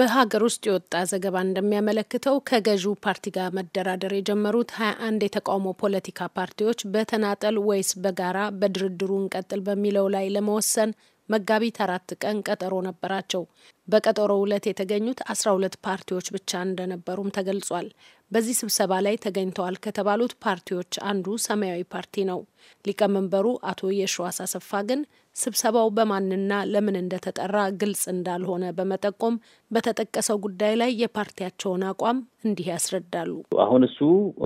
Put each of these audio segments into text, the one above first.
በሀገር ውስጥ የወጣ ዘገባ እንደሚያመለክተው ከገዢው ፓርቲ ጋር መደራደር የጀመሩት ሀያ አንድ የተቃውሞ ፖለቲካ ፓርቲዎች በተናጠል ወይስ በጋራ በድርድሩ እንቀጥል በሚለው ላይ ለመወሰን መጋቢት አራት ቀን ቀጠሮ ነበራቸው። በቀጠሮ ዕለት የተገኙት አስራ ሁለት ፓርቲዎች ብቻ እንደነበሩም ተገልጿል። በዚህ ስብሰባ ላይ ተገኝተዋል ከተባሉት ፓርቲዎች አንዱ ሰማያዊ ፓርቲ ነው። ሊቀመንበሩ አቶ የሸዋስ አሰፋ ግን ስብሰባው በማንና ለምን እንደተጠራ ግልጽ እንዳልሆነ በመጠቆም በተጠቀሰው ጉዳይ ላይ የፓርቲያቸውን አቋም እንዲህ ያስረዳሉ። አሁን እሱ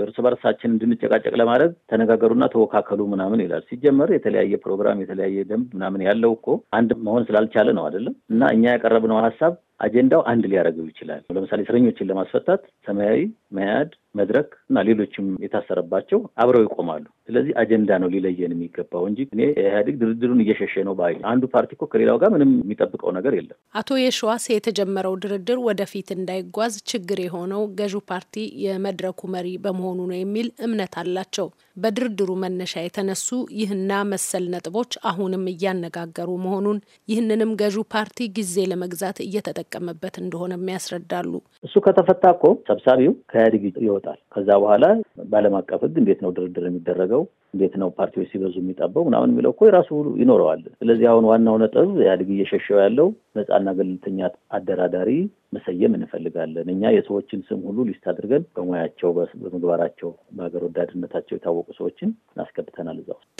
እርስ በርሳችን እንድንጨቃጨቅ ለማድረግ ተነጋገሩና ተወካከሉ ምናምን ይላል። ሲጀመር የተለያየ ፕሮግራም የተለያየ ደንብ ምናምን ያለው እኮ አንድ መሆን ስላልቻለ ነው አይደለም እና እኛ ያቀረብነው ሀሳብ አጀንዳው አንድ ሊያደርገው ይችላል። ለምሳሌ እስረኞችን ለማስፈታት ሰማያዊ፣ መያድ፣ መድረክ እና ሌሎችም የታሰረባቸው አብረው ይቆማሉ። ስለዚህ አጀንዳ ነው ሊለየን የሚገባው እንጂ እኔ ኢህአዴግ ድርድሩን እየሸሸ ነው ባይ አንዱ ፓርቲ እኮ ከሌላው ጋር ምንም የሚጠብቀው ነገር የለም። አቶ የሸዋስ የተጀመረው ድርድር ወደፊት እንዳይጓዝ ችግር የሆነው ገዢው ፓርቲ የመድረኩ መሪ በመሆኑ ነው የሚል እምነት አላቸው። በድርድሩ መነሻ የተነሱ ይህና መሰል ነጥቦች አሁንም እያነጋገሩ መሆኑን ይህንንም ገዢው ፓርቲ ጊዜ ለመግዛት ለመስራት እየተጠቀመበት እንደሆነ ያስረዳሉ። እሱ ከተፈታ እኮ ሰብሳቢው ከኢህአዴግ ይወጣል። ከዛ በኋላ በዓለም አቀፍ ህግ እንዴት ነው ድርድር የሚደረገው እንዴት ነው ፓርቲዎች ሲበዙ የሚጠበው ምናምን የሚለው እኮ የራሱ ይኖረዋል። ስለዚህ አሁን ዋናው ነጥብ ኢህአዴግ እየሸሸው ያለው ነፃና ገለልተኛ አደራዳሪ መሰየም እንፈልጋለን። እኛ የሰዎችን ስም ሁሉ ሊስት አድርገን በሙያቸው፣ በምግባራቸው፣ በሀገር ወዳድነታቸው የታወቁ ሰዎችን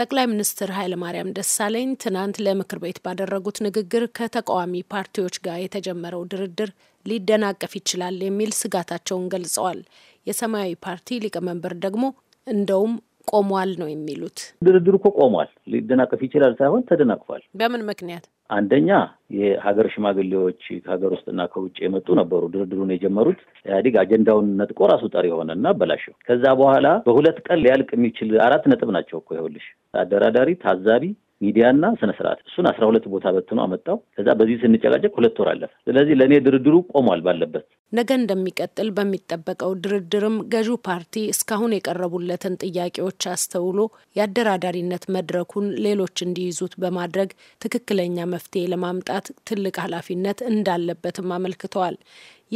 ጠቅላይ ሚኒስትር ኃይለማርያም ደሳለኝ ትናንት ለምክር ቤት ባደረጉት ንግግር ከተቃዋሚ ፓርቲዎች ጋር የተጀመረው ድርድር ሊደናቀፍ ይችላል የሚል ስጋታቸውን ገልጸዋል። የሰማያዊ ፓርቲ ሊቀመንበር ደግሞ እንደውም ቆሟል ነው የሚሉት። ድርድሩ እኮ ቆሟል። ሊደናቀፍ ይችላል ሳይሆን ተደናቅፏል። በምን ምክንያት? አንደኛ የሀገር ሽማግሌዎች ከሀገር ውስጥና ከውጭ የመጡ ነበሩ ድርድሩን የጀመሩት። ኢህአዲግ አጀንዳውን ነጥቆ ራሱ ጠሪ የሆነ እና በላሸው። ከዛ በኋላ በሁለት ቀን ሊያልቅ የሚችል አራት ነጥብ ናቸው እኮ ይኸውልሽ፣ አደራዳሪ፣ ታዛቢ፣ ሚዲያና ስነ ስርዓት እሱን አስራ ሁለት ቦታ በትኖ አመጣው። ከዛ በዚህ ስንጨቃጨቅ ሁለት ወር አለፈ። ስለዚህ ለእኔ ድርድሩ ቆሟል ባለበት። ነገ እንደሚቀጥል በሚጠበቀው ድርድርም ገዢው ፓርቲ እስካሁን የቀረቡለትን ጥያቄዎች አስተውሎ የአደራዳሪነት መድረኩን ሌሎች እንዲይዙት በማድረግ ትክክለኛ መፍትሄ ለማምጣት ትልቅ ኃላፊነት እንዳለበትም አመልክተዋል።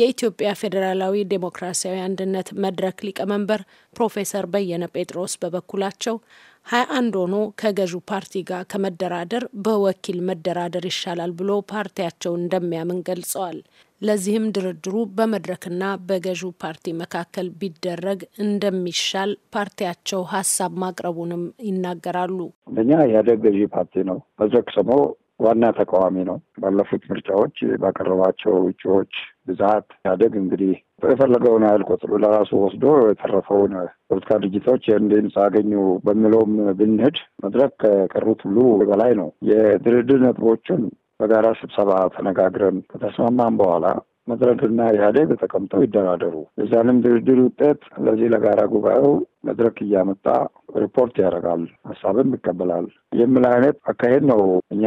የኢትዮጵያ ፌዴራላዊ ዴሞክራሲያዊ አንድነት መድረክ ሊቀመንበር ፕሮፌሰር በየነ ጴጥሮስ በበኩላቸው ሀያ አንድ ሆኖ ከገዢው ፓርቲ ጋር ከመደራደር በወኪል መደራደር ይሻላል ብሎ ፓርቲያቸው እንደሚያምን ገልጸዋል። ለዚህም ድርድሩ በመድረክና በገዢው ፓርቲ መካከል ቢደረግ እንደሚሻል ፓርቲያቸው ሀሳብ ማቅረቡንም ይናገራሉ። እኛ ኢህአዴግ ገዢ ፓርቲ ነው። መድረክ ደግሞ ዋና ተቃዋሚ ነው። ባለፉት ምርጫዎች ባቀረባቸው እጩዎች ብዛት ያደግ እንግዲህ የፈለገውን ያህል ቆጥሮ ለራሱ ወስዶ የተረፈውን ፖለቲካ ድርጅቶች እንደ ድምፅ አገኙ በሚለውም ብንሄድ መድረክ ከቀሩት ሁሉ በላይ ነው። የድርድር ነጥቦችን በጋራ ስብሰባ ተነጋግረን ከተስማማን በኋላ መድረክና ኢህአዴግ ተቀምጠው ይደራደሩ። የዛንም ድርድር ውጤት ለዚህ ለጋራ ጉባኤው መድረክ እያመጣ ሪፖርት ያደርጋል፣ ሀሳብም ይቀበላል የሚል አይነት አካሄድ ነው እኛ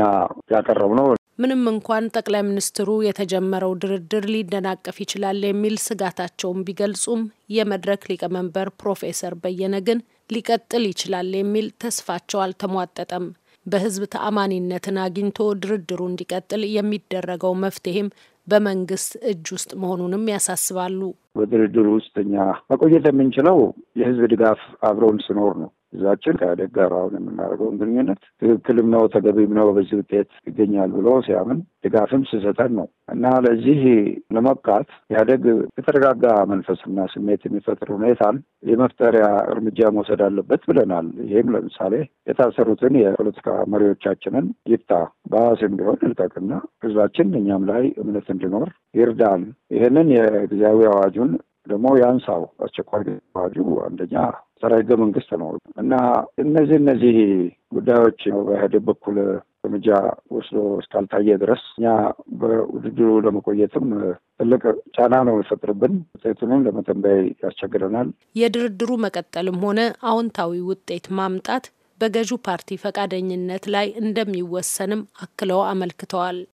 ያቀረብነው። ምንም እንኳን ጠቅላይ ሚኒስትሩ የተጀመረው ድርድር ሊደናቀፍ ይችላል የሚል ስጋታቸውን ቢገልጹም የመድረክ ሊቀመንበር ፕሮፌሰር በየነ ግን ሊቀጥል ይችላል የሚል ተስፋቸው አልተሟጠጠም። በህዝብ ተአማኒነትን አግኝቶ ድርድሩ እንዲቀጥል የሚደረገው መፍትሄም በመንግስት እጅ ውስጥ መሆኑንም ያሳስባሉ። በድርድሩ ውስጥ እኛ መቆየት የምንችለው የህዝብ ድጋፍ አብረውን ስኖር ነው። ህዝባችን ከኢህአዴግ ጋር አሁን የምናደርገውን ግንኙነት ትክክልም ነው ተገቢም ነው በዚህ ውጤት ይገኛል ብሎ ሲያምን ድጋፍም ስሰጠን ነው እና ለዚህ ለመብቃት ያደግ የተረጋጋ መንፈስና ስሜት የሚፈጥር ሁኔታን የመፍጠሪያ እርምጃ መውሰድ አለበት ብለናል። ይህም ለምሳሌ የታሰሩትን የፖለቲካ መሪዎቻችንን ይፍታ፣ በዋስም ቢሆን ይልቀቅና ህዝባችን እኛም ላይ እምነት እንዲኖር ይርዳን። ይህንን የጊዜያዊ አዋጁን ደግሞ ያንሳው። አስቸኳይ አዋጁ አንደኛ ጸረ ህገ መንግስት ነው እና እነዚህ እነዚህ ጉዳዮች በኢህአዴግ በኩል እርምጃ ወስዶ እስካልታየ ድረስ እኛ በውድድሩ ለመቆየትም ትልቅ ጫና ነው የሚፈጥርብን። ውጤቱንም ለመተንበይ ያስቸግረናል። የድርድሩ መቀጠልም ሆነ አዎንታዊ ውጤት ማምጣት በገዢው ፓርቲ ፈቃደኝነት ላይ እንደሚወሰንም አክለው አመልክተዋል።